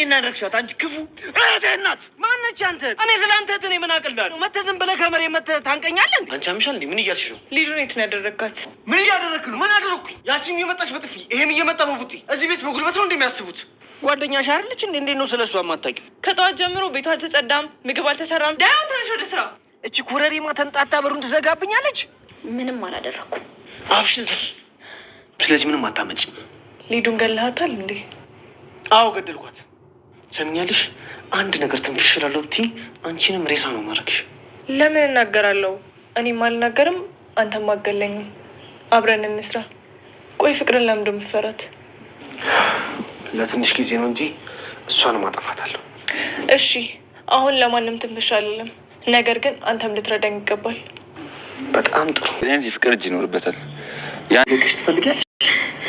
ይሄን ያደረግሻት አንቺ ክፉ እህትህ ናት። ማነች አንተ? እኔ ስለ አንተ እህት ምን አቅልዳለሁ? መተህ ዝም ብለህ ከመሬት መተህ ታንቀኛለን። አንቺ አምሻል እንዴ? ምን እያልሽ ነው? ሊዱን የት ነው ያደረግካት? ምን እያደረግክ ነው? ምን አደረግኩኝ? ያቺም እየመጣች በጥፊ ይሄም እየመጣ በቡቲ። እዚህ ቤት በጉልበት ነው እንደሚያስቡት። ጓደኛ ሻርልች እንዴ? እንዴት ነው ስለ እሷ የማታውቂው? ከጠዋት ጀምሮ ቤቷ አልተጸዳም፣ ምግብ አልተሰራም። ዳያን ተነሽ ወደ ስራ። እቺ ኮረሪማ ተንጣጣ በሩን ትዘጋብኛለች። ምንም አላደረግኩ። አብሽን። ስለዚህ ምንም አታመጪም። ሊዱን ገለሃታል እንዴ? አዎ ገደልኳት። ሰሚኛልሽ፣ አንድ ነገር ትንፍሽ ብትይ አንቺንም ሬሳ ነው ማድረግሽ። ለምን እናገራለሁ? እኔም አልናገርም፣ አንተም አገለኝም። አብረን እንስራ። ቆይ ፍቅርን ለምዶ ምፈረት? ለትንሽ ጊዜ ነው እንጂ እሷን ማጠፋታለሁ። እሺ፣ አሁን ለማንም ትንፍሽ አልልም። ነገር ግን አንተም ልትረዳኝ ይገባል። በጣም ጥሩ። ፍቅር እጅ ይኖርበታል። ያን ትፈልጊያለሽ?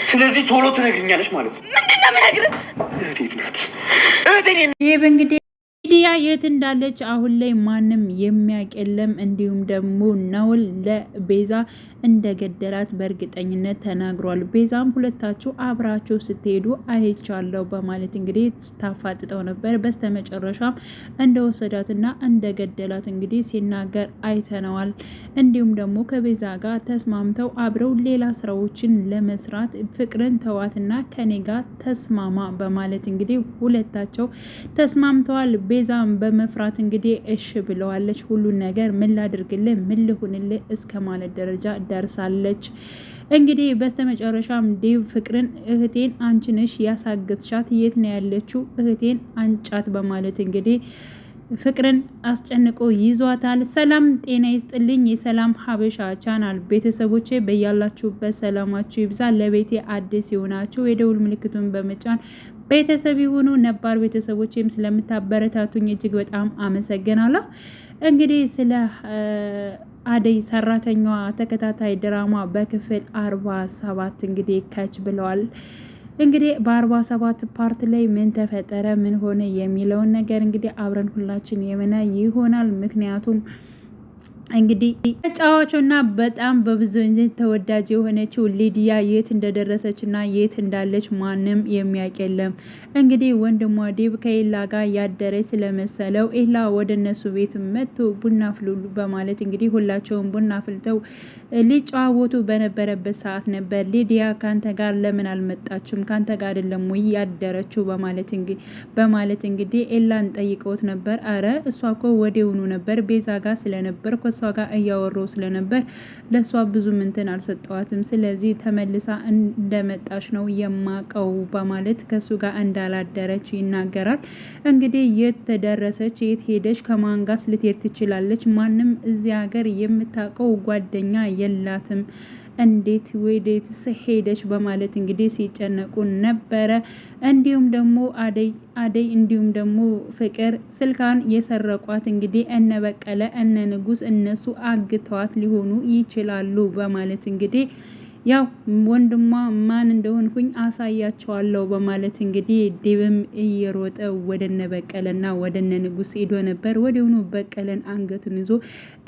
ስለዚህ ቶሎ ትነግርኛለች ማለት ነው። ምንድን ነው የምነግርህ? እህቴ ናት። እህቴ ይህ እንግዲህ ኢዲያ የት እንዳለች አሁን ላይ ማንም የሚያውቅ የለም። እንዲሁም ደግሞ ነውል ለቤዛ እንደገደላት በእርግጠኝነት ተናግሯል። ቤዛም ሁለታችሁ አብራችሁ ስትሄዱ አይቻለሁ በማለት እንግዲህ ስታፋጥጠው ነበር። በስተመጨረሻም እንደወሰዳትና እንደገደላት እንግዲህ ሲናገር አይተነዋል። እንዲሁም ደግሞ ከቤዛ ጋር ተስማምተው አብረው ሌላ ስራዎችን ለመስራት ፍቅርን ተዋትና ከኔ ጋር ተስማማ በማለት እንግዲህ ሁለታቸው ተስማምተዋል። ቤዛም በመፍራት እንግዲህ እሽ ብለዋለች። ሁሉን ነገር ምን ላድርግልህ፣ ምን ልሁንልህ እስከ ማለት ደረጃ ደርሳለች። እንግዲህ በስተመጨረሻም ዴቭ ፍቅርን እህቴን አንቺ ነሽ የት ነው ያለችው? እህቴን አንጫት በማለት እንግዲህ ፍቅርን አስጨንቆ ይዟታል። ሰላም ጤና ይስጥልኝ። የሰላም ሀበሻ ቻናል ቤተሰቦቼ በያላችሁበት ሰላማችሁ ይብዛ። ለቤቴ አዲስ የሆናችሁ የደውል ምልክቱን በመጫን ቤተሰብ የሆኑ ነባር ቤተሰቦችም ስለምታበረታቱኝ እጅግ በጣም አመሰግናለሁ። እንግዲህ ስለ አደይ ሰራተኛዋ ተከታታይ ድራማ በክፍል አርባ ሰባት እንግዲህ ከች ብለዋል። እንግዲህ በአርባ ሰባት ፓርት ላይ ምን ተፈጠረ ምን ሆነ የሚለውን ነገር እንግዲህ አብረን ሁላችን የምናይ ይሆናል ምክንያቱም እንግዲህ ተጫዋቾና በጣም በብዙ ተወዳጅ የሆነችው ሊዲያ የት እንደደረሰች እና የት እንዳለች ማንም የሚያውቅ የለም። እንግዲህ ወንድሟ ዲብ ከኤላ ጋር ያደረች ስለመሰለው ኤላ ወደ እነሱ ቤት መጥቶ ቡና ፍሉሉ በማለት እንግዲህ ሁላቸውን ቡና ፍልተው ሊጨዋወቱ በነበረበት ሰዓት ነበር ሊዲያ ካንተ ጋር ለምን አልመጣችም? ካንተ ጋር አይደለም ወይ ያደረችው? በማለት እንግዲህ ኤላን ጠይቀውት ነበር። አረ እሷ እኮ ወዲያውኑ ነበር ቤዛ ጋር ስለነበር ከእሷ ጋር እያወራው ስለነበር ለእሷ ብዙ ምንትን አልሰጠዋትም። ስለዚህ ተመልሳ እንደመጣች ነው የማቀው በማለት ከእሱ ጋር እንዳላደረች ይናገራል። እንግዲህ የት ተደረሰች? የት ሄደች? ከማንጋስ ልትሄድ ትችላለች? ማንም እዚያ ሀገር የምታውቀው ጓደኛ የላትም እንዴት ወዴት ሄደች በማለት እንግዲህ ሲጨነቁ ነበረ። እንዲሁም ደግሞ አደይ አደይ እንዲሁም ደግሞ ፍቅር ስልካን የሰረቋት እንግዲህ እነ በቀለ እነ ንጉስ እነሱ አግተዋት ሊሆኑ ይችላሉ በማለት እንግዲህ ያው ወንድሟ ማን እንደሆንኩኝ አሳያቸዋለሁ በማለት እንግዲህ ዲብም እየሮጠ ወደነ በቀለና ወደነ ንጉስ ሄዶ ነበር። ወዲያውኑ በቀለን አንገቱን ይዞ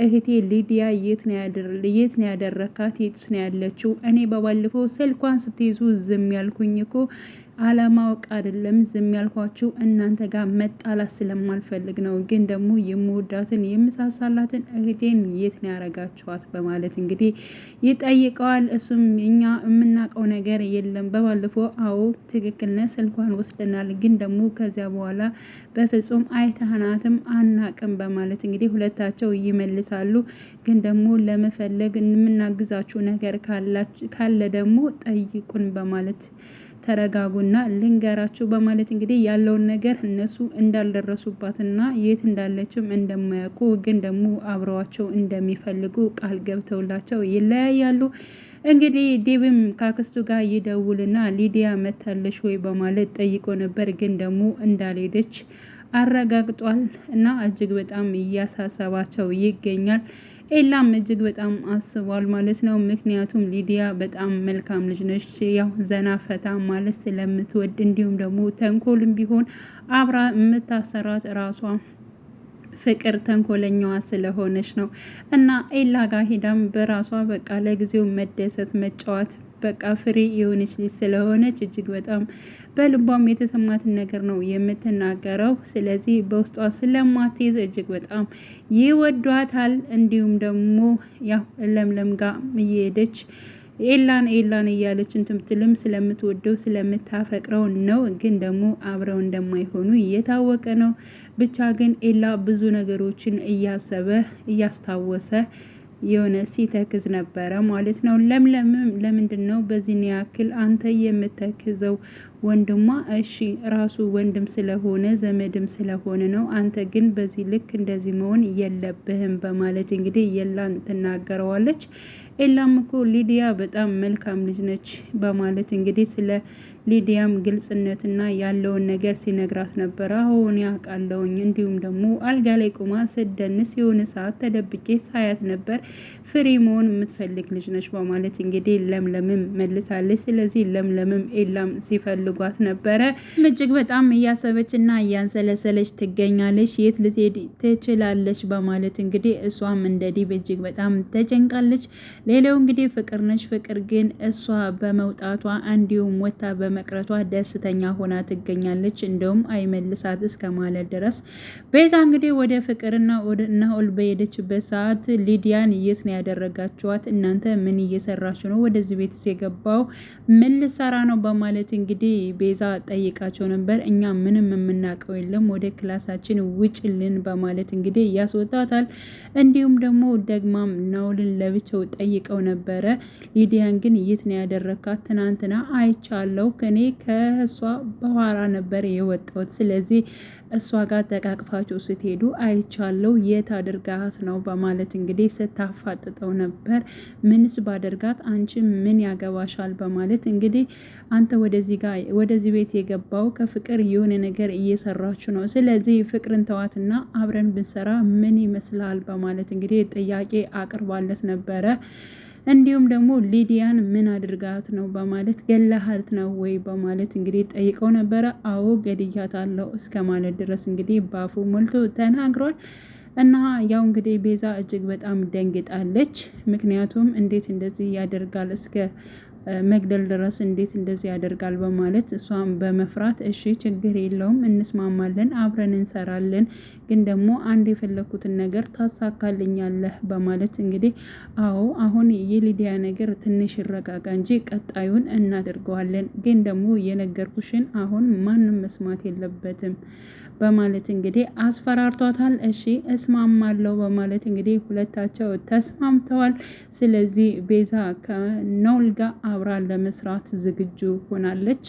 እህቴ ሊዲያ የት ነው ያደረካት? የትስ ነው ያለችው? እኔ በባለፈው ስልኳን ስትይዙ ዝም ያልኩኝ እኮ አለማወቅ አይደለም ዝም ያልኳችሁ እናንተ ጋር መጣላት ስለማልፈልግ ነው። ግን ደግሞ የምወዳትን የምሳሳላትን እህቴን የት ነው ያረጋችኋት? በማለት እንግዲህ ይጠይቀዋል። እሱም እኛ የምናውቀው ነገር የለም በባለፈው አዎ ትክክል ነህ፣ ስልኳን ወስደናል። ግን ደግሞ ከዚያ በኋላ በፍጹም አይተህናትም አናቅም በማለት እንግዲህ ሁለታቸው ይመልሳሉ። ግን ደግሞ ለመፈለግ የምናግዛችሁ ነገር ካለ ደግሞ ጠይቁን በማለት ተረጋጉ ነውና ልንገራቸው በማለት እንግዲህ ያለውን ነገር እነሱ እንዳልደረሱባትና የት እንዳለችም እንደማያውቁ ግን ደግሞ አብረዋቸው እንደሚፈልጉ ቃል ገብተውላቸው ይለያያሉ። እንግዲህ ዲብም ከአክስቱ ጋር ይደውልና ሊዲያ መታለች ወይ በማለት ጠይቆ ነበር። ግን ደግሞ እንዳልሄደች አረጋግጧል እና እጅግ በጣም እያሳሰባቸው ይገኛል። ኤላም እጅግ በጣም አስቧል ማለት ነው። ምክንያቱም ሊዲያ በጣም መልካም ልጅ ነች፣ ያው ዘና ፈታ ማለት ስለምትወድ እንዲሁም ደግሞ ተንኮልም ቢሆን አብራ የምታሰራት ራሷ ፍቅር ተንኮለኛዋ ስለሆነች ነው እና ኤላ ጋር ሄዳም በራሷ በቃ ለጊዜው መደሰት መጫወት በቃ ፍሬ የሆነች ልጅ ስለሆነች እጅግ በጣም በልቧም የተሰማትን ነገር ነው የምትናገረው። ስለዚህ በውስጧ ስለማትይዝ እጅግ በጣም ይወዷታል። እንዲሁም ደግሞ ያው ለምለም ጋር እየሄደች ኤላን ኤላን እያለች እንትምትልም ስለምትወደው ስለምታፈቅረው ነው። ግን ደግሞ አብረው እንደማይሆኑ እየታወቀ ነው። ብቻ ግን ኤላ ብዙ ነገሮችን እያሰበ እያስታወሰ የሆነ ሲተክዝ ነበረ ማለት ነው። ለምለምም ለምንድን ነው በዚህን ያክል አንተ የምተክዘው ወንድሟ እሺ ራሱ ወንድም ስለሆነ ዘመድም ስለሆነ ነው፣ አንተ ግን በዚህ ልክ እንደዚህ መሆን የለብህም በማለት እንግዲህ ኤላን ትናገረዋለች። ኤላም እኮ ሊዲያ በጣም መልካም ልጅ ነች በማለት እንግዲህ ስለ ሊዲያም ግልጽነትና ያለውን ነገር ሲነግራት ነበር። አሁን ያውቃለውኝ እንዲሁም ደግሞ አልጋ ላይ ቁማ ስደንስ የሆነ ሰዓት ተደብቄ ሳያት ነበር። ፍሪ መሆን የምትፈልግ ልጅ ነች በማለት እንግዲህ ለምለምም መልሳለች። ስለዚህ ለምለምም ኤላም ሲፈልጉ ፈልጓት ነበረ። እጅግ በጣም እያሰበች እና እያንሰለሰለች ትገኛለች። የት ልትሄድ ትችላለች በማለት እንግዲህ እሷም እንደ ዲብ እጅግ በጣም ተጨንቃለች። ሌላው እንግዲህ ፍቅር ነች። ፍቅር ግን እሷ በመውጣቷ እንዲሁም ወታ በመቅረቷ ደስተኛ ሆና ትገኛለች። እንደውም አይመልሳት እስከ ማለት ድረስ ቤዛ እንግዲህ ወደ ፍቅርና ናኦል በሄደችበት ሰዓት ሊዲያን የት ነው ያደረጋችኋት? እናንተ ምን እየሰራችሁ ነው? ወደዚህ ቤትስ የገባው ምን ልሰራ ነው? በማለት እንግዲህ ቤዛ ጠይቃቸው ነበር። እኛ ምንም የምናውቀው የለም ወደ ክላሳችን ውጭልን በማለት እንግዲህ ያስወጣታል። እንዲሁም ደግሞ ደግማም ናውልን ለብቸው ጠይቀው ነበረ። ሊዲያን ግን የት ነው ያደረካት? ትናንትና አይቻለው ከኔ ከእሷ በኋላ ነበር የወጣሁት። ስለዚህ እሷ ጋር ተቃቅፋችሁ ስትሄዱ አይቻለው። የት አድርጋት ነው በማለት እንግዲህ ስታፋጥጠው ነበር። ምንስ ባደርጋት አንቺ ምን ያገባሻል? በማለት እንግዲህ አንተ ወደዚህ ጋር ወደዚህ ቤት የገባው ከፍቅር የሆነ ነገር እየሰራችሁ ነው። ስለዚህ ፍቅርን ተዋትና አብረን ብንሰራ ምን ይመስላል? በማለት እንግዲህ ጥያቄ አቅርባለት ነበረ። እንዲሁም ደግሞ ሊዲያን ምን አድርጋት ነው በማለት ገላሃት ነው ወይ በማለት እንግዲህ ጠይቀው ነበረ። አዎ ገድያታለሁ እስከ ማለት ድረስ እንግዲህ ባፉ ሞልቶ ተናግሯል። እና ያው እንግዲህ ቤዛ እጅግ በጣም ደንግጣለች። ምክንያቱም እንዴት እንደዚህ ያደርጋል እስከ መግደል ድረስ እንዴት እንደዚህ ያደርጋል በማለት እሷን በመፍራት እሺ ችግር የለውም እንስማማለን፣ አብረን እንሰራለን፣ ግን ደግሞ አንድ የፈለግኩትን ነገር ታሳካልኛለህ በማለት እንግዲህ አዎ አሁን የሊዲያ ነገር ትንሽ ይረጋጋ እንጂ ቀጣዩን እናደርገዋለን፣ ግን ደግሞ የነገርኩሽን አሁን ማንም መስማት የለበትም በማለት እንግዲህ አስፈራርቷታል። እሺ እስማማለሁ በማለት እንግዲህ ሁለታቸው ተስማምተዋል። ስለዚህ ቤዛ ከነውል አብራ ለመስራት ዝግጁ ሆናለች።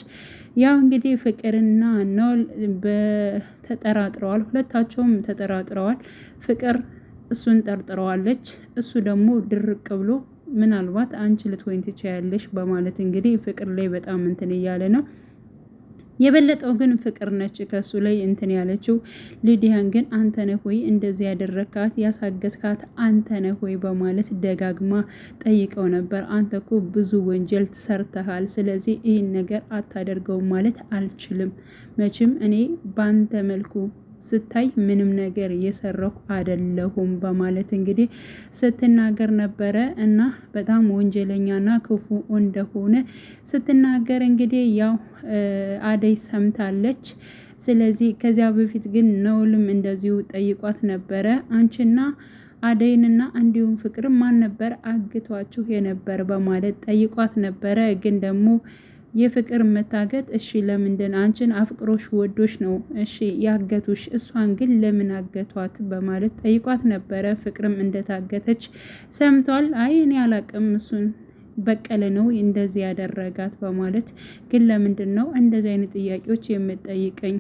ያው እንግዲህ ፍቅርና ኖል ተጠራጥረዋል። ሁለታቸውም ተጠራጥረዋል። ፍቅር እሱን ጠርጥረዋለች። እሱ ደግሞ ድርቅ ብሎ ምናልባት አንቺ ልትወኝ ትችያለሽ በማለት እንግዲህ ፍቅር ላይ በጣም እንትን እያለ ነው የበለጠው ግን ፍቅር ነች ከሱ ላይ እንትን ያለችው። ሊዲያን ግን አንተ ነህ ወይ እንደዚህ ያደረካት ያሳገትካት አንተ ነህ ወይ በማለት ደጋግማ ጠይቀው ነበር። አንተ እኮ ብዙ ወንጀል ትሰርተሃል፣ ስለዚህ ይህን ነገር አታደርገውም ማለት አልችልም። መቼም እኔ ባንተ መልኩ ስታይ ምንም ነገር እየሰራሁ አይደለሁም በማለት እንግዲህ ስትናገር ነበረ እና በጣም ወንጀለኛና ክፉ እንደሆነ ስትናገር እንግዲህ ያው አደይ ሰምታለች። ስለዚህ ከዚያ በፊት ግን ነውልም እንደዚሁ ጠይቋት ነበረ አንቺና አደይንና እንዲሁም ፍቅርም ማን ነበር አግቷችሁ የነበር በማለት ጠይቋት ነበረ ግን ደግሞ የፍቅር መታገት እሺ ለምንድን አንቺን አፍቅሮሽ ወዶሽ ነው እሺ ያገቱሽ እሷን ግን ለምን አገቷት በማለት ጠይቋት ነበረ ፍቅርም እንደታገተች ሰምቷል አይ እኔ አላቅም እሱን በቀለ ነው እንደዚህ ያደረጋት በማለት ግን ለምንድን ነው እንደዚህ አይነት ጥያቄዎች የምጠይቀኝ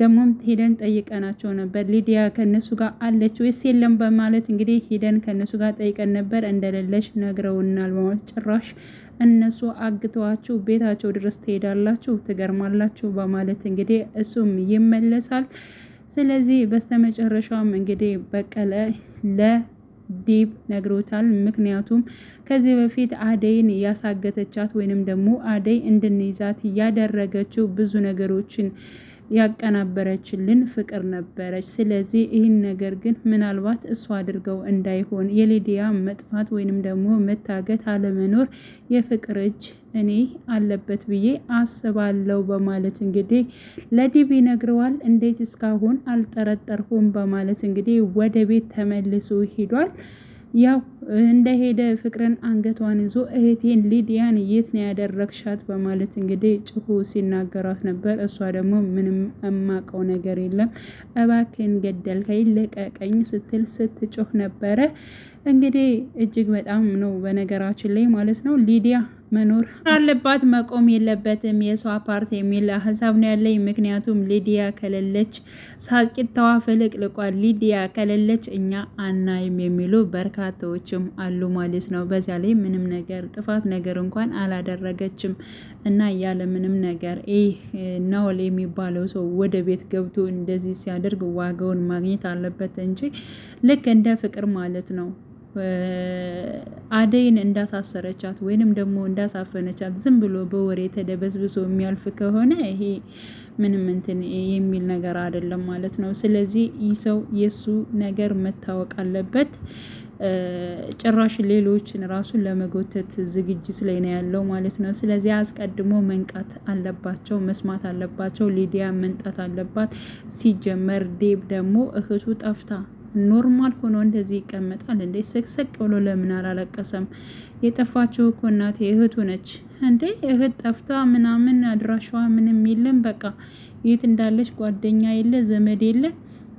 ደግሞም ሄደን ጠይቀናቸው ነበር። ሊዲያ ከነሱ ጋር አለች ወይስ የለም በማለት እንግዲህ ሄደን ከነሱ ጋር ጠይቀን ነበር እንደሌለች ነግረውናል በማለት ጭራሽ እነሱ አግተዋችሁ ቤታቸው ድረስ ትሄዳላችሁ፣ ትገርማላችሁ በማለት እንግዲህ እሱም ይመለሳል። ስለዚህ በስተመጨረሻም እንግዲህ በቀለ ለ ዲብ ነግሮታል። ምክንያቱም ከዚህ በፊት አደይን ያሳገተቻት ወይንም ደግሞ አደይ እንድንይዛት ያደረገችው ብዙ ነገሮችን ያቀናበረችልን ፍቅር ነበረች። ስለዚህ ይህን ነገር ግን ምናልባት እሱ አድርገው እንዳይሆን የሊዲያ መጥፋት ወይንም ደግሞ መታገት አለመኖር የፍቅር እጅ እኔ አለበት ብዬ አስባለሁ በማለት እንግዲህ ለዲብ ይነግረዋል። እንዴት እስካሁን አልጠረጠርሁም በማለት እንግዲህ ወደ ቤት ተመልሶ ሂዷል። ያው እንደሄደ ፍቅርን አንገቷን ይዞ እህቴን ሊዲያን የት ነው ያደረግሻት? በማለት እንግዲህ ጭሁ ሲናገራት ነበር። እሷ ደግሞ ምንም እማቀው ነገር የለም እባክን ገደልከኝ ልቀቀኝ ስትል ስትጮህ ነበረ። እንግዲህ እጅግ በጣም ነው በነገራችን ላይ ማለት ነው ሊዲያ መኖር አለባት፣ መቆም የለበትም የሰው አፓርት የሚል ሀሳብ ነው ያለኝ። ምክንያቱም ሊዲያ ከሌለች ሳቂታዋ ፍልቅልቋል። ሊዲያ ከሌለች እኛ አናይም የሚሉ በርካታዎችም አሉ ማለት ነው። በዚያ ላይ ምንም ነገር ጥፋት ነገር እንኳን አላደረገችም እና ያለ ምንም ነገር ይህ ናውል የሚባለው ሰው ወደ ቤት ገብቶ እንደዚህ ሲያደርግ ዋጋውን ማግኘት አለበት እንጂ ልክ እንደ ፍቅር ማለት ነው አደይን እንዳሳሰረቻት ወይንም ደግሞ እንዳሳፈነቻት ዝም ብሎ በወሬ ተደበዝብሶ የሚያልፍ ከሆነ ይሄ ምንም እንትን የሚል ነገር አይደለም ማለት ነው። ስለዚህ ይህ ሰው የእሱ ነገር መታወቅ አለበት። ጭራሽ ሌሎችን ራሱን ለመጎተት ዝግጅት ላይ ነው ያለው ማለት ነው። ስለዚህ አስቀድሞ መንቃት አለባቸው፣ መስማት አለባቸው። ሊዲያ መንጣት አለባት። ሲጀመር ዴብ ደግሞ እህቱ ጠፍታ ኖርማል ሆኖ እንደዚህ ይቀመጣል እንዴ? ስቅስቅ ብሎ ለምን አላለቀሰም? የጠፋችው እኮ እናቴ እህቱ ነች እንዴ? እህት ጠፍታ ምናምን አድራሻዋ ምንም የለም። በቃ የት እንዳለች ጓደኛ የለ ዘመድ የለ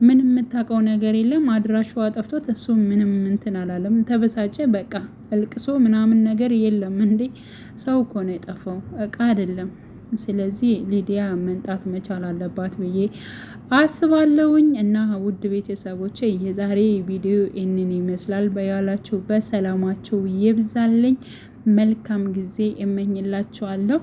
ምን የምታውቀው ነገር የለም። አድራሻዋ ጠፍቶ እሱ ምንም እንትን አላለም። ተበሳጨ። በቃ እልቅሶ ምናምን ነገር የለም እንዴ? ሰው እኮ ነው የጠፋው፣ እቃ አይደለም። ስለዚህ ሊዲያ መንጣት መቻል አለባት ብዬ አስባለሁኝ። እና ውድ ቤተሰቦች የዛሬ ቪዲዮ ይህንን ይመስላል። በያላችሁ በሰላማችሁ ይብዛልኝ። መልካም ጊዜ እመኝላችኋለሁ።